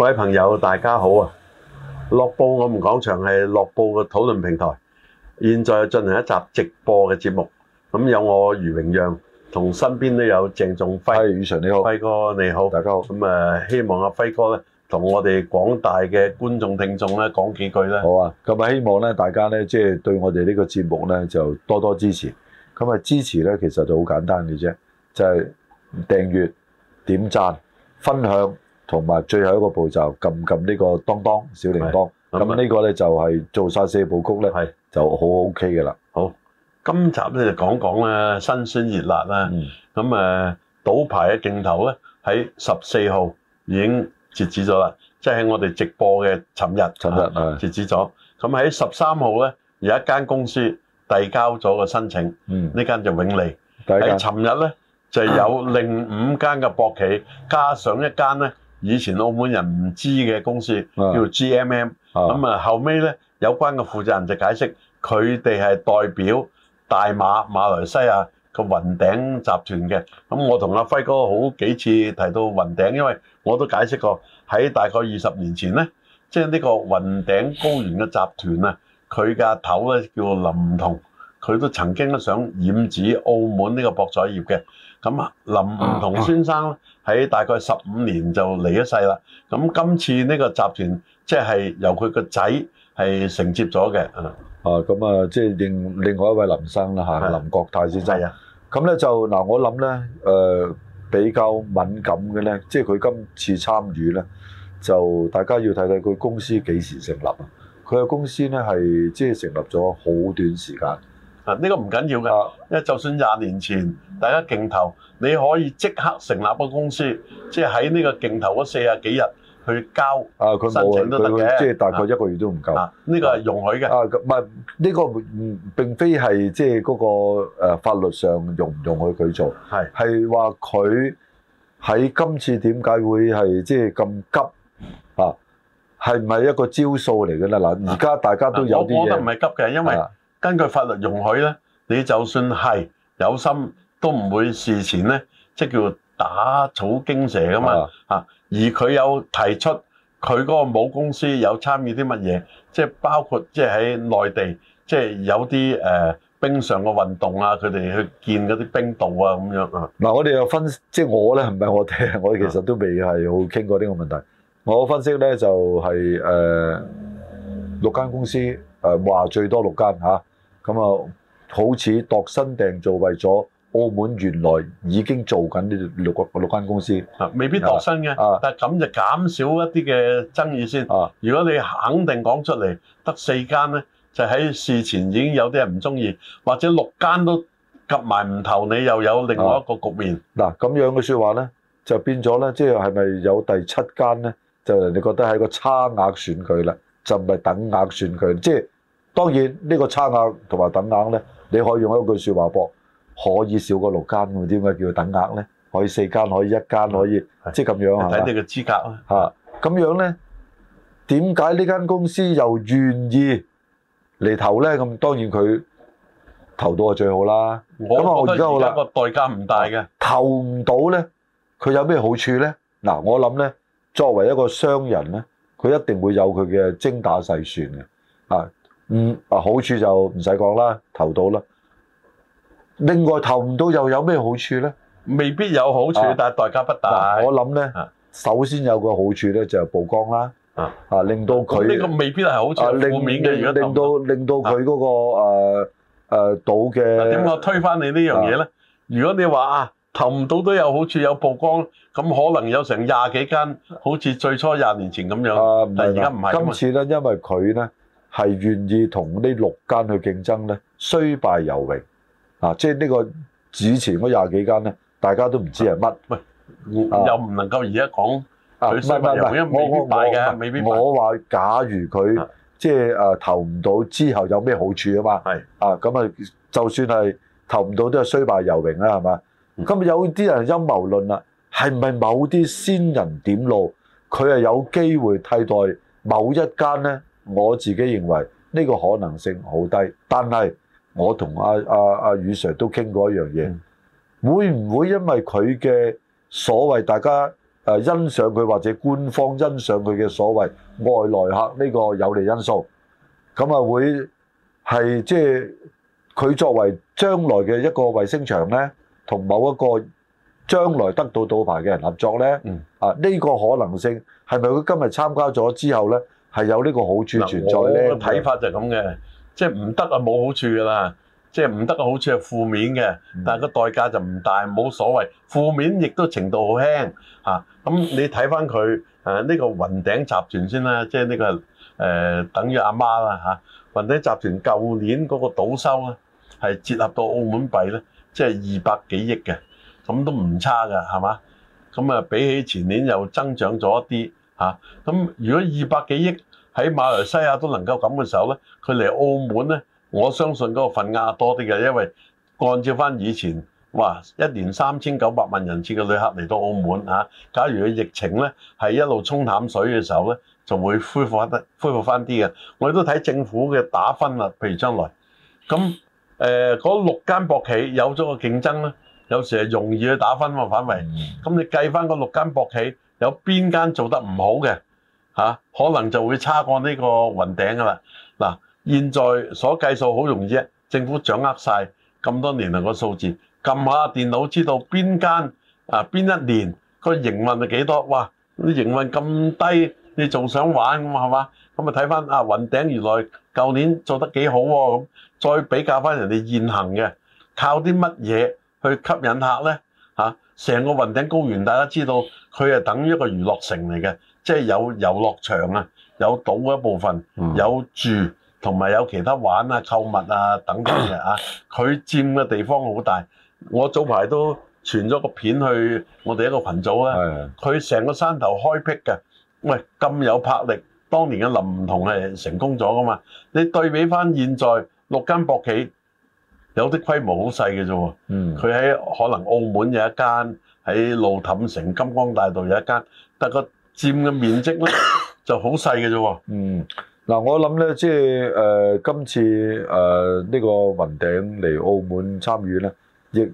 各位朋友，大家好啊！樂報我們講場係樂報嘅討論平台，現在進行一集直播嘅節目。咁有我余榮讓，同身邊都有鄭仲輝。係宇晨你好，輝哥你好，大家好。咁啊，希望阿輝哥咧同我哋廣大嘅觀眾聽眾咧講幾句咧。好啊，咁啊，希望咧大家咧即係對我哋呢個節目咧就多多支持。咁啊，支持咧其實就好簡單嘅啫，就係訂閱、點讚、分享。同埋最後一個步驟，撳撳呢個當當小鈴鐺，咁呢個咧就係做曬四部曲咧，就好 OK 嘅啦。好，今集咧就講講咧新鮮熱辣啊！咁誒賭牌嘅競投咧喺十四號已經截止咗啦，即係我哋直播嘅尋日，尋日啊截止咗。咁喺十三號咧有一間公司遞交咗個申請，呢間就永利。喺尋日咧就有另五間嘅博企加上一間咧，以前澳門人唔知嘅公司，啊、叫做 GMM、啊。咁啊，後尾咧，有關嘅負責人就解釋，佢哋係代表大馬馬來西亞個雲頂集團嘅。咁我同阿輝哥好幾次提到雲頂，因為我都解釋過喺大概二十年前呢，即係呢個雲頂高原嘅集團啊，佢嘅頭咧叫林同。佢都曾經都想染指澳門呢個博彩業嘅，咁林梧桐先生喺大概十五年就離咗世啦。咁今次呢個集團即係由佢個仔係承接咗嘅。啊，咁啊，即係另另外一位林生啦嚇，啊、林國泰先生。係啊。咁咧就嗱、呃，我諗咧誒比較敏感嘅咧，即係佢今次參與咧，就大家要睇睇佢公司幾時成立啊？佢嘅公司咧係即係成立咗好短時間。呢個唔緊要嘅，因為就算廿年前大家競投，你可以即刻成立個公司，即係喺呢個競投嗰四十幾日去交啊佢申請都得嘅，即係大概一個月都唔夠。呢個係容許嘅啊，唔係呢個並非係即係嗰個誒法律上容唔容許佢做係係話佢喺今次點解會係即係咁急啊？係唔係一個招數嚟嘅咧？嗱，而家大家都有啲嘢，我覺得唔係急嘅，因為。根據法律容許咧，你就算係有心，都唔會事前咧，即係叫打草驚蛇噶嘛嚇。而佢有提出佢嗰個母公司有參與啲乜嘢，即係包括即係喺內地，即係有啲誒、呃、冰上嘅運動啊，佢哋去建嗰啲冰道啊咁樣啊。嗱，我哋有分，即係我咧唔係我哋，我哋其實都未係好傾過呢個問題。啊、我分析咧就係、是、誒、呃、六間公司誒話、呃、最多六間嚇。啊咁啊，好似度身訂造為咗澳門原來已經做緊呢六個六間公司啊，啊未必度，度身嘅，啊、但係咁就減少一啲嘅爭議先。啊，如果你肯定講出嚟得四間呢，就喺事前已經有啲人唔中意，或者六間都夾埋唔投，你又有另外一個局面。嗱、啊，咁樣嘅説話呢，就變咗呢，即係係咪有第七間呢？就人哋覺得係個差額選舉啦，就唔係等額選舉，即、就、係、是。當然呢個差額同埋等額咧，你可以用一句説話博，可以少過六間咁點解叫等額咧？可以四間，可以一間，可以即係咁樣睇你嘅資格啊！嚇咁樣咧，點解呢間公司又願意嚟投咧？咁當然佢投到係最好啦。咁我覺得有個代價唔大嘅投唔到咧，佢有咩好處咧？嗱，我諗咧，作為一個商人咧，佢一定會有佢嘅精打細算嘅啊。嗯，啊，好處就唔使講啦，投到啦。另外投唔到又有咩好處咧？未必有好處，但係代價不大。我諗咧，首先有個好處咧，就係曝光啦。啊，令到佢呢個未必係好處，正面嘅而家。令到令到佢嗰個誒誒賭嘅點解我推翻你呢樣嘢咧？如果你話啊，投唔到都有好處有曝光，咁可能有成廿幾間，好似最初廿年前咁樣。啊，而家唔係。今次咧，因為佢咧。係願意同呢六間去競爭咧，雖敗猶榮啊！即係呢個之前嗰廿幾間咧，大家都唔知係乜，喂又唔能夠而家講佢衰敗又榮，因為未必敗嘅，未必敗。我話假如佢即係誒投唔到之後有咩好處啊嘛，係啊咁啊，就算係投唔到都係雖敗猶榮啦，係嘛？咁有啲人陰謀論啦，係唔係某啲先人點路，佢係有機會替代某一間咧？我自己認為呢個可能性好低，但係我同阿阿阿余 sir 都傾過一樣嘢，會唔會因為佢嘅所謂大家誒欣賞佢或者官方欣賞佢嘅所謂外來客呢個有利因素，咁啊會係即係佢作為將來嘅一個衛星場咧，同某一個將來得到賭牌嘅人合作咧，啊呢個可能性係咪佢今日參加咗之後咧？係有呢個好處存在呢咧，睇法就係咁嘅，即係唔得啊冇好處噶啦，即係唔得嘅好處係負面嘅，但係個代價就唔大，冇所謂。負面亦都程度好輕嚇，咁、啊、你睇翻佢誒呢個雲頂集團先啦，即係、這、呢個誒、呃、等於阿媽啦嚇、啊。雲頂集團舊年嗰個賭收咧係折合到澳門幣咧，即係二百幾億嘅，咁都唔差噶係嘛？咁啊比起前年又增長咗一啲。嚇！咁、啊、如果二百幾億喺馬來西亞都能夠咁嘅時候咧，佢嚟澳門咧，我相信嗰個份額多啲嘅，因為按照翻以前，哇！一年三千九百萬人次嘅旅客嚟到澳門嚇、啊，假如佢疫情咧係一路沖淡水嘅時候咧，就會恢復翻得恢復翻啲嘅。我哋都睇政府嘅打分啦，譬如將來咁誒，嗰、呃、六間博企有咗個競爭咧，有時係容易去打分嘛範圍。咁你計翻嗰六間博企。有邊間做得唔好嘅嚇，可能就會差過呢個雲頂噶啦。嗱，現在所計數好容易啫，政府掌握晒咁多年嚟個數字，撳下電腦知道邊間啊邊一年個營運係幾多。哇，啲營運咁低，你仲想玩咁啊？係嘛？咁啊睇翻啊雲頂原來舊年做得幾好喎，咁再比較翻人哋現行嘅，靠啲乜嘢去吸引客呢？嚇，成個雲頂高原大家知道。佢係等於一個娛樂城嚟嘅，即係有遊樂場啊，有賭嗰一部分，有住同埋有其他玩啊、購物啊等等嘅啊。佢佔嘅地方好大，我早排都傳咗個片去我哋一個群組啊。佢成個山頭開辟嘅，喂咁有魄力。當年嘅林同係成功咗噶嘛？你對比翻現在六間博企。有啲規模好細嘅啫喎，佢喺、嗯、可能澳門有一間，喺路氹城金光大道有一間，但個佔嘅面積咧 就好細嘅啫喎。嗯，嗱我諗咧，即係誒、呃、今次誒呢、呃這個雲頂嚟澳門參與咧，亦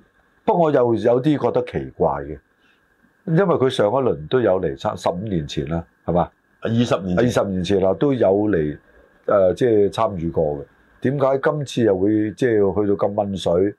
不過我又有啲覺得奇怪嘅，因為佢上一輪都有嚟參，十五年前啦，係嘛？二十年二十年前啦，都有嚟誒、呃、即係參與過嘅。點解今次又會即係、就是、去到咁溫水？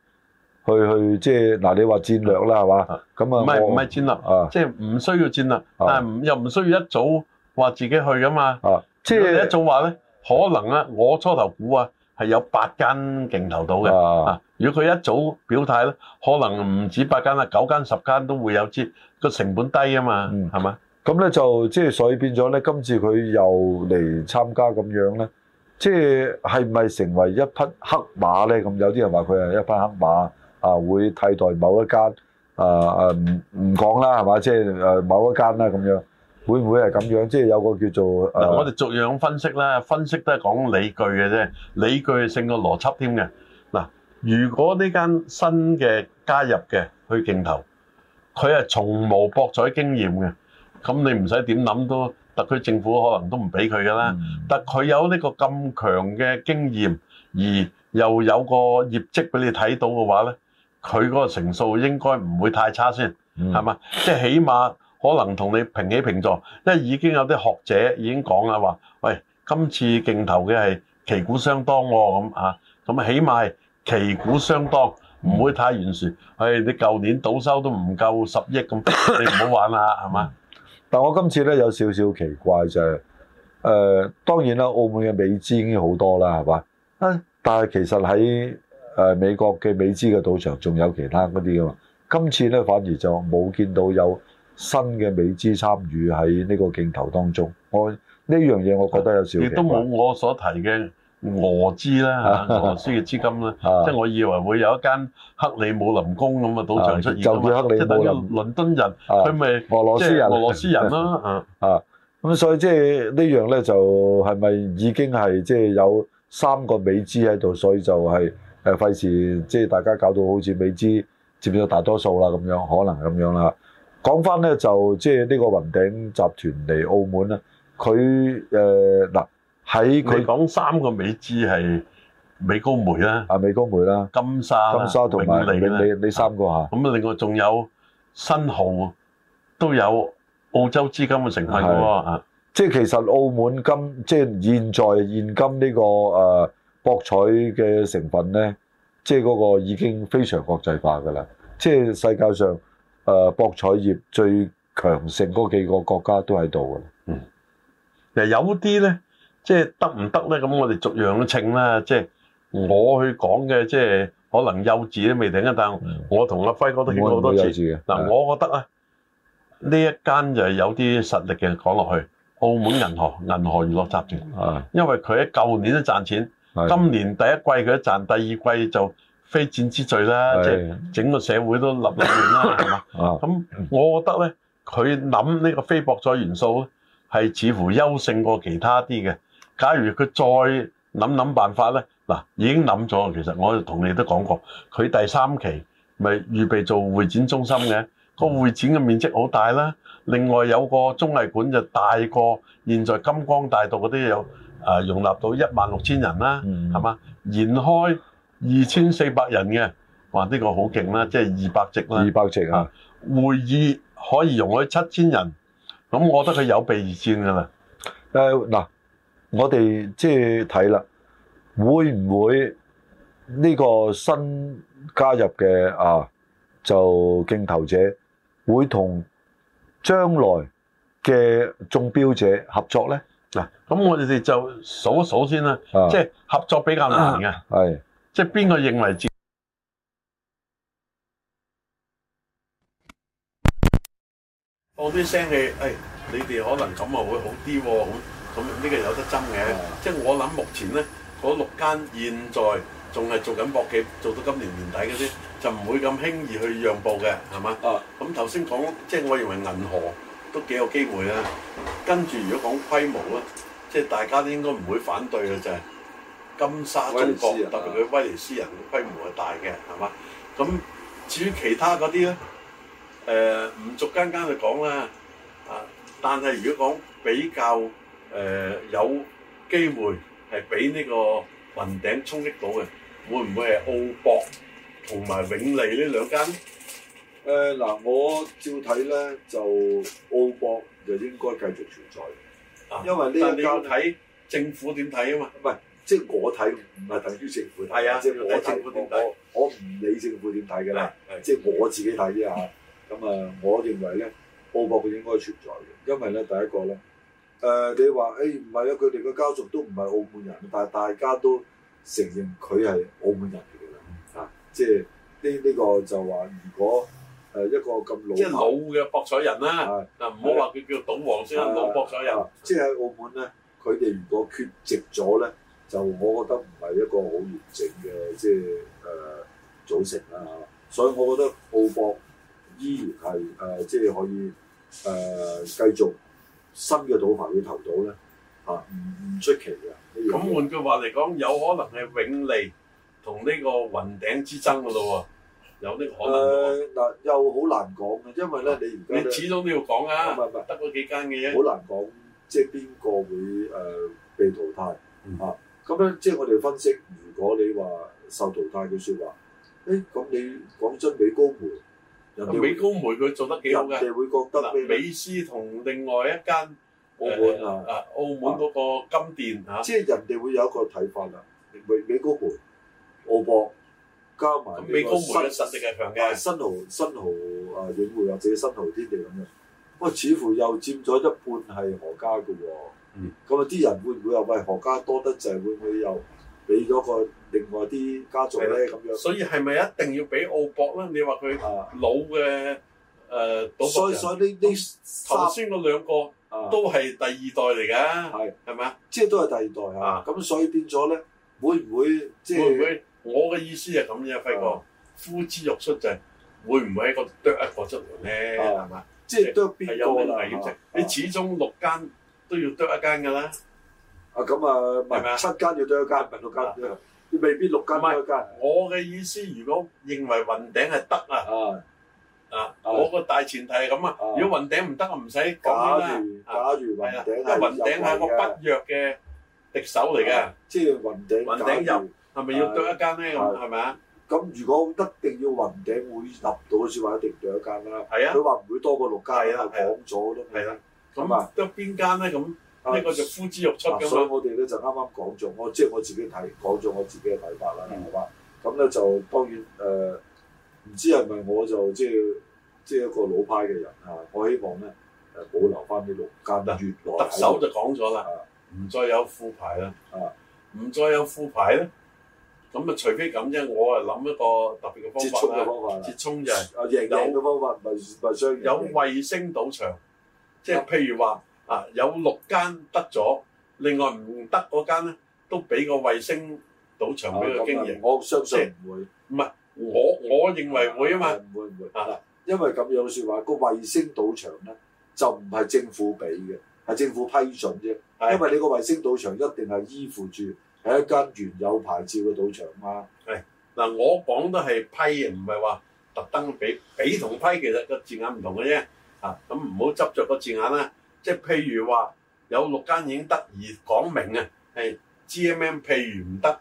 去去即係嗱，你話戰略啦係嘛？咁啊唔係唔係戰略啊，即係唔需要戰略，但係唔又唔需要一早話自己去啊嘛。啊即係一早話咧，可能啊，我初頭估頭啊係有八間競投到嘅啊。如果佢一早表態咧，可能唔止八間啊，九間十間都會有支個成本低啊嘛，係嘛？咁咧、嗯、就即係所以變咗咧，今次佢又嚟參加咁樣咧。即係唔係成為一匹黑馬咧？咁有啲人話佢係一匹黑馬啊，會替代某一間啊啊唔唔講啦，係嘛？即係啊某一間啦咁樣，會唔會係咁樣？即係有個叫做嗱、啊，我哋逐樣分析啦，分析都係講理據嘅啫，理據性嘅邏輯添嘅嗱。如果呢間新嘅加入嘅去競投，佢係從無博彩經驗嘅，咁你唔使點諗都。特區政府可能都唔俾佢㗎啦，嗯、但佢有呢個咁強嘅經驗，而又有個業績俾你睇到嘅話咧，佢嗰個成數應該唔會太差先，係嘛、嗯？即係起碼可能同你平起平坐，因為已經有啲學者已經講啦，話喂，今次競投嘅係旗鼓相當喎咁啊，咁、啊啊、起碼係旗鼓相當，唔、嗯、會太懸殊。誒、哎，你舊年賭收都唔夠十億咁，你唔好玩啦、啊，係嘛？ 但我今次咧有少少奇怪就係、是，誒、呃、當然啦，澳門嘅美資已經好多啦，係嘛？啊，但係其實喺誒美國嘅美資嘅賭場仲有其他嗰啲㗎嘛。今次咧反而就冇見到有新嘅美資參與喺呢個競投當中。我呢樣嘢我覺得有少少奇怪。亦都冇我所提嘅。俄資啦，俄羅斯嘅資金啦， 即係我以為會有一間克里姆林宮咁嘅賭場出現啦， 就克里姆即係等於倫敦人，佢咪 俄羅斯人，俄羅斯人啦， 啊，咁、 嗯、所以即係呢樣咧就係、是、咪已經係即係有三個美資喺度，所以就係誒費事即係大家搞到好似美資佔咗大多數啦咁樣，可能咁樣啦。講翻咧就即係呢個雲頂集團嚟澳門啊，佢誒嗱。呃呃呃喺佢講三個美資係美高梅啦，啊美高梅啦，金沙、金沙同埋永利，呢三個嚇。咁啊，另外仲有新濠都有澳洲資金嘅成分嘅喎，即係其實澳門金即係現在現今呢個誒博彩嘅成分咧，即係嗰個已經非常國際化㗎喇。即係世界上誒博彩業最強盛嗰幾個國家都喺度嘅。嗯，誒有啲咧。即係得唔得咧？咁我哋逐樣稱啦。即係我去講嘅，即係可能幼稚都未定啊。但係我同阿輝哥都傾過好多次。嗱，我覺得咧，呢一間就係有啲實力嘅。講落去，澳門銀河、銀河娛樂集團，因為佢喺舊年都賺錢，今年第一季佢都賺，第二季就非戰之罪啦。即係整個社會都立立亂啦，係嘛？咁我覺得咧，佢諗呢個非博彩元素咧，係似乎優勝過其他啲嘅。假如佢再諗諗辦法咧，嗱已經諗咗。其實我同你都講過，佢第三期咪預備做會展中心嘅。個會展嘅面積好大啦，另外有個綜藝館就大過現在金光大道嗰啲有啊，容納到一萬六千人啦，係嘛？延開二千四百人嘅，哇！呢個好勁啦，即係二百席啦。二百席啊，會議可以容許七千人，咁我覺得佢有備而戰㗎啦。誒嗱。我哋即係睇啦，會唔會呢個新加入嘅啊，就競投者會同將來嘅中標者合作咧？嗱，咁我哋哋就數一數先啦，即係合作比較難嘅，係即係邊個認為？放啲聲氣，誒，你哋可能咁啊，會好啲喎咁。咁呢個有得爭嘅，嗯、即係我諗目前咧，嗰六間現在仲係做緊博企，做到今年年底嗰啲，就唔會咁輕易去讓步嘅，係嘛？啊、嗯！咁頭先講，即係我認為銀河都幾有機會啦。跟住如果講規模咧，即係大家都應該唔會反對嘅啫。就係、金沙中國特別佢威尼斯人嘅規模係大嘅，係嘛？咁至於其他嗰啲咧，誒、呃、唔逐間間去講啦。啊！但係如果講比較誒、呃、有機會係俾呢個雲頂衝擊到嘅，會唔會係澳博同埋永利呢兩間咧？嗱、呃，我照睇咧就澳博就應該繼續存在，因為呢個、啊、你要睇政府點睇啊嘛？唔係、啊啊，即係我睇唔係等於政府睇，啊、即係我，我，我，我政府點睇？我唔理政府點睇㗎啦，即係我自己睇啫嚇。咁啊， 我認為咧澳博佢應，應該存在嘅，因為咧第一個咧。誒、呃、你話誒唔係啊，佢哋個家族都唔係澳門人，但係大家都承認佢係澳門人嚟㗎啦，啊，即係呢呢個就話，如果誒一個咁老即係老嘅博彩人啦，啊唔好話佢叫賭王先老博彩人，即係喺澳門咧，佢哋如果缺席咗咧，就我覺得唔係一個好完整嘅即係誒、呃、組成啦、啊、所以我覺得澳博依然係誒即係可以誒繼續。新嘅賭牌會投到咧，嚇唔唔出奇嘅。咁換句話嚟講，有可能係永利同呢個雲頂之爭嘅咯喎，有呢個可能。嗱、呃呃，又好難講嘅，因為咧、啊、你呢你始終都要講啊，唔係唔係得嗰幾間嘅嘢。好難講，即係邊個會誒、呃、被淘汰嚇？咁、啊、咧、嗯啊，即係我哋分析，如果你話受淘汰嘅説話，誒、欸、咁你講真美高梅。人美高梅佢做得幾好嘅，人哋會覺得美斯同另外一間澳門啊，啊澳門嗰個金店、啊，嚇、啊，即、就、係、是、人哋會有一個睇法啦。美高梅、澳博加埋，咁美高梅嘅實力係強嘅，新、啊、豪新豪啊影匯或者新豪天地咁嘅，不過似乎又佔咗一半係何家嘅喎、啊。咁啊啲人會唔會又喂，何家多得滯，會唔會又？俾咗個另外啲家族咧咁樣，所以係咪一定要俾澳博咧？你話佢老嘅誒？所以所以呢呢頭先嗰兩個都係第二代嚟嘅，係係咪啊？即係都係第二代啊！咁所以變咗咧，會唔會即係？會唔會？我嘅意思就係咁啫，輝哥，呼之欲出就係會唔會喺嗰度啄一個出門咧？係嘛？即係啄邊個？係有咩危險性？你始終六間都要啄一間㗎啦。啊咁啊，七間要多一間，雲六間，你未必六間。我嘅意思，如果認為雲頂係得啊，啊，我個大前提係咁啊。如果雲頂唔得啊，唔使講啦。假如雲頂係，因為雲頂係個不弱嘅敵手嚟嘅，即係雲頂。雲頂入係咪要多一間咧？咁係咪啊？咁如果一定要雲頂會立到嘅時候，一定多一間啦。係啊，佢話唔會多過六間，就講咗咯。係啦，咁啊，得邊間咧？咁？呢個就呼之欲出噶嘛，所以我哋咧就啱啱講咗，我即係我自己睇，講咗我自己嘅睇法啦，係嘛？咁咧就當然誒，唔知係咪我就即係即係一個老派嘅人啊？我希望咧誒保留翻呢六金啊，特首就講咗啦，唔再有副牌啦，唔再有副牌咧，咁啊除非咁啫，我係諗一個特別嘅方法啦，接觸嘅方法接觸就係有有有衛星賭場，即係譬如話。啊！有六間得咗，另外唔得嗰間咧都俾個衛星賭場俾佢經營，啊啊。我相信唔會，唔係我我認為會啊嘛。唔會唔會，會啊、因為咁樣説話個衛星賭場咧就唔係政府俾嘅，係政府批准啫。的因為你個衛星賭場一定係依附住係一間原有牌照嘅賭場嘛。係嗱，啊，我講得係批，唔係話特登俾俾同批，其實個字眼唔同嘅啫。啊，咁唔好執着個字眼啦。即係譬如話，有六間已經得而講明啊，係 G M M 譬如唔得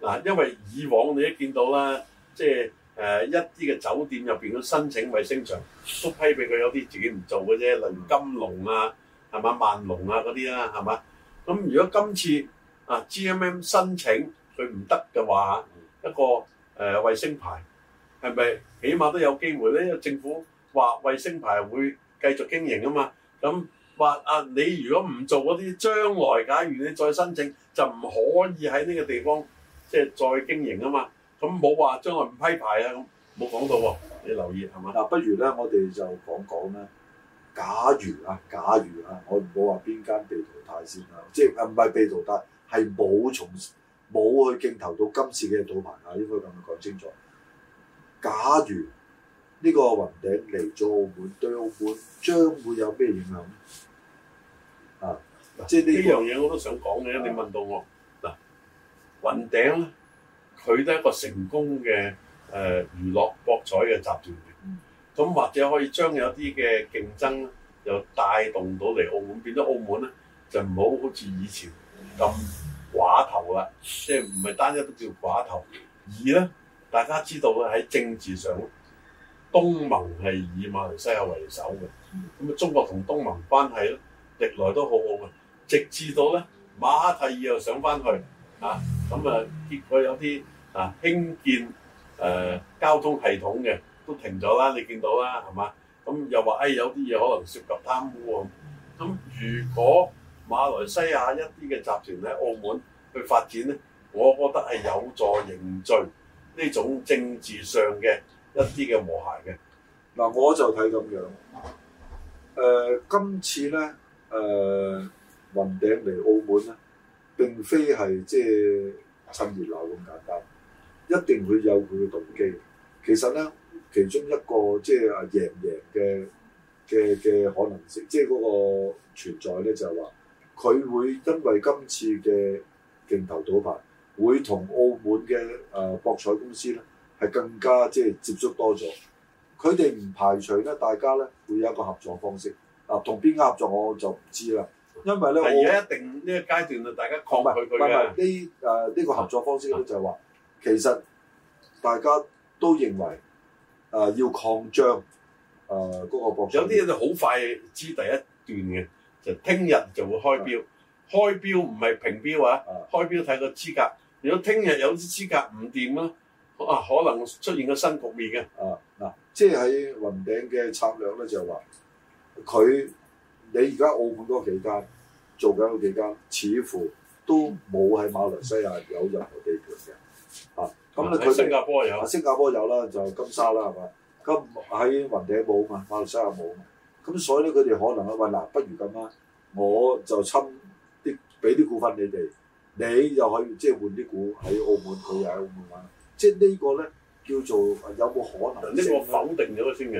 嗱，因為以往你都見到啦，即係誒、呃、一啲嘅酒店入邊都申請衛星場都批俾佢，有啲自己唔做嘅啫，例如金龍啊，係嘛萬龍啊嗰啲啦，係嘛？咁如果今次啊、呃、G M M 申請佢唔得嘅話，一個誒、呃、衛星牌係咪起碼都有機會咧？因為政府話衛星牌會繼續經營啊嘛。咁話啊，你如果唔做嗰啲，將來假如你再申請，就唔可以喺呢個地方即係再經營啊嘛。咁冇話將來唔批牌啊，冇講到喎、哦。你留意係嘛？嗱，不如咧，我哋就講講咧。假如啊，假如啊，我唔好話邊間被淘汰先啦，即係唔係被淘汰係冇從冇去競投到今次嘅賭牌啊，應該咁講清楚。假如。呢個雲頂嚟咗澳門，對澳門將會有咩影響咧？啊，即係呢樣嘢我都想講嘅。啊、你問到我嗱，雲頂咧，佢都係一個成功嘅誒娛樂博彩嘅集團嚟。咁、嗯、或者可以將有啲嘅競爭又帶動到嚟澳門，變咗澳門咧就唔好好似以前咁寡頭啦，嗯、即係唔係單一都叫寡頭。而咧，大家知道咧喺政治上。東盟係以馬來西亞為首嘅，咁啊中國同東盟關係咧，歷來都好好嘅，直至到咧馬哈蒂爾又上翻去，啊咁啊結果有啲啊興建誒、呃、交通系統嘅都停咗啦，你見到啦係嘛？咁又話誒、哎、有啲嘢可能涉及貪污啊，咁如果馬來西亞一啲嘅集團喺澳門去發展咧，我覺得係有助凝聚呢種政治上嘅。一啲嘅磨合嘅，嗱，我就睇咁樣。誒、呃，今次咧，誒、呃、雲頂嚟澳門咧，並非係即係趁熱鬧咁簡單，一定會有佢嘅動機。其實咧，其中一個即係啊贏唔贏嘅嘅嘅可能性，即係嗰個存在咧，就係話佢會因為今次嘅競投賭牌，會同澳門嘅誒、呃、博彩公司咧。係更加即係接觸多咗，佢哋唔排除咧，大家咧會有一個合作方式。嗱、啊，同邊個合作我就唔知啦，因為咧二我一定呢個階段啊，大家抗拒佢呢？誒呢、呃這個合作方式咧，啊、就係話其實大家都認為誒、呃、要擴張誒嗰、呃那個。有啲嘢就好快知第一段嘅，就聽、是、日就會開標。啊、開標唔係評標啊，啊開標睇個資格。如果聽日有啲資格唔掂咧～、啊啊，可能出現個新局面嘅啊嗱，即係喺雲頂嘅策略咧就係話佢你而家澳門嗰幾間做緊嗰幾間，似乎都冇喺馬來西亞有任何地盤嘅啊。咁咧佢新加坡有，啊、新加坡有啦，就金沙啦，係嘛？咁喺雲頂冇啊嘛，馬來西亞冇嘛。咁所以咧，佢哋可能、哎、啊，喂嗱，不如咁啦，我就侵啲俾啲股份你哋，你又可以即係換啲股喺澳門，佢又喺澳門玩。即呢個咧叫做有冇可能呢？呢個否定咗先嘅，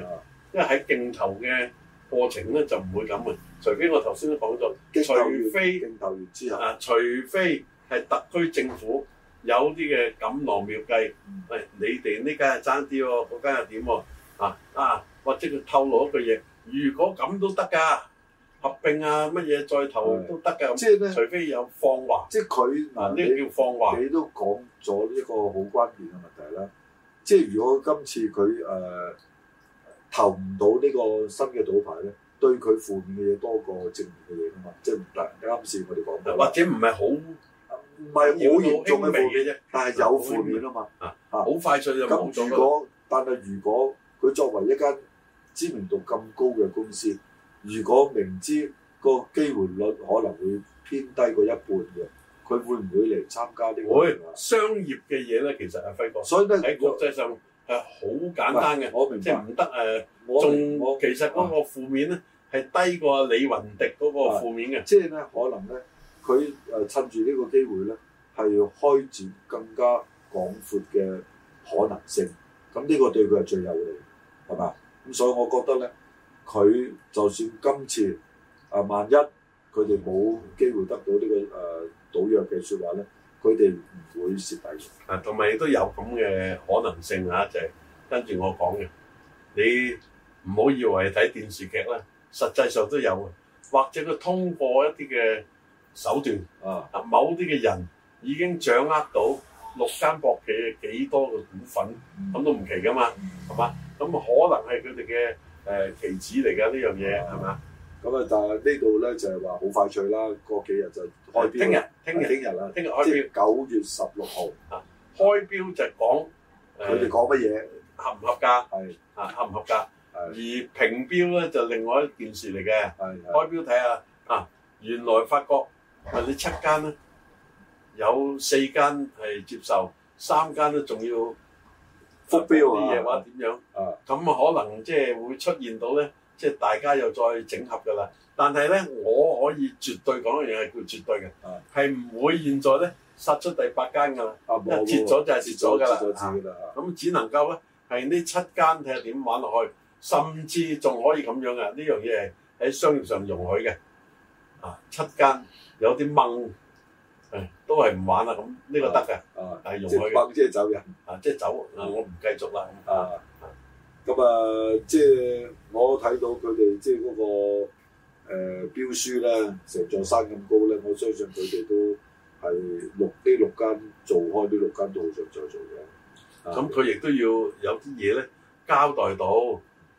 因為喺競投嘅過程咧就唔會咁嘅。嗯、除非我頭先都講咗，競投完，除非，競投完之後，啊，除非係特區政府有啲嘅錦囊妙計，喂、嗯，你哋呢間係爭啲喎，嗰間又點喎、啊？啊啊，或者佢透露一句嘢，如果咁都得㗎？合併啊，乜嘢再投都得噶，即係咧，除非有放話。即係佢嗱呢叫放話，你都講咗一個好關鍵嘅問題啦。即係如果今次佢誒、呃、投唔到呢個新嘅賭牌咧，對佢負面嘅嘢多過正面嘅嘢嘛？即係唔得。你啱先。我哋講或者唔係好唔係好嚴重嘅嘢啫，但係有負面啊嘛，啊好快脆咁冇咗。但係如果佢作為一家知名度咁高嘅公司，如果明知個機會率可能會偏低過一半嘅，佢會唔會嚟參加呢個？商業嘅嘢咧，其實阿輝哥，所以咧，喺國際上係好簡單嘅，我明，即係唔得、呃、我仲更我其實嗰個負面咧係我低過李雲迪嗰個負面嘅。即係咧，可能咧，佢誒趁住呢個機會咧，係要開展更加廣闊嘅可能性。咁呢個對佢係最有利，係嘛？咁所以我覺得咧。佢就算今次啊，萬一佢哋冇機會得到呢個誒賭牌嘅説話咧，佢哋唔會蝕底嘅。啊，同埋亦都有咁嘅可能性嚇，就係跟住我講嘅，你唔好以為睇電視劇啦，實際上都有嘅，或者佢通過一啲嘅手段啊，某啲嘅人已經掌握到六間博企嘅幾多個股份，咁都唔奇噶嘛，係嘛？咁可能係佢哋嘅。誒棋子嚟㗎呢樣嘢係嘛？咁啊，但係呢度咧就係話好快脆啦，過幾日就開標。聽日，聽日，聽日啊！聽日開標，即係九月十六號。啊，開標就講佢哋講乜嘢合唔合格？係啊，合唔合格？而評標咧就另外一件事嚟嘅。係係。開標睇下啊，原來發覺啊，你七間咧有四間係接受，三間都仲要。啲嘢話點樣啊，咁啊可能即係會出現到咧，即、就、係、是、大家又再整合噶啦。但係咧，我可以絕對講一樣嘢係絕對嘅，係唔、啊、會現在咧殺出第八間噶啦，啊啊、一跌截咗就係截咗噶啦。咁、啊、只能夠咧係呢七間睇下點玩落去，甚至仲可以咁樣嘅呢樣嘢係喺商業上容許嘅。啊，七間有啲掹。都係唔玩啦，咁呢個得㗎，係、啊、用佢他即係走人，啊，即、就、係、是、走，嗯、我唔繼續啦。啊，咁啊，即係我睇到佢哋即係嗰、那個誒、呃、標書咧，成座山咁高咧，我相信佢哋都係六啲六間做開，啲六間在再做嘅。咁佢亦都要有啲嘢咧交代到，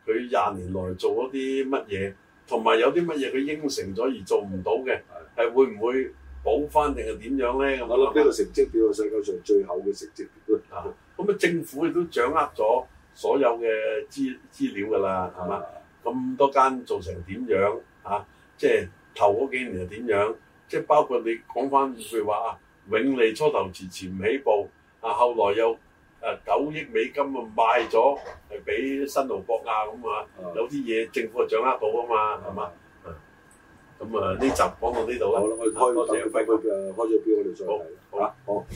佢廿年內做咗啲乜嘢，同埋有啲乜嘢佢應承咗而做唔到嘅，係、嗯、會唔會？補翻定係點樣咧？咁啊，呢個成績叫到世界上最後嘅成績嚟 啊，咁啊，政府亦都掌握咗所有嘅資資料㗎啦，係嘛？咁、啊、多間做成點樣？啊，即係頭嗰幾年係點樣？即係包括你講翻句話啊，永利初頭遲遲唔起步，啊後來又誒九億美金啊賣咗係俾新濠博啊咁啊，啊有啲嘢政府係掌握到啊嘛，係嘛？咁啊，呢、嗯、集講到呢度啦，好啦，我哋開個咗個飛，開咗個表，我哋再好啦，好。多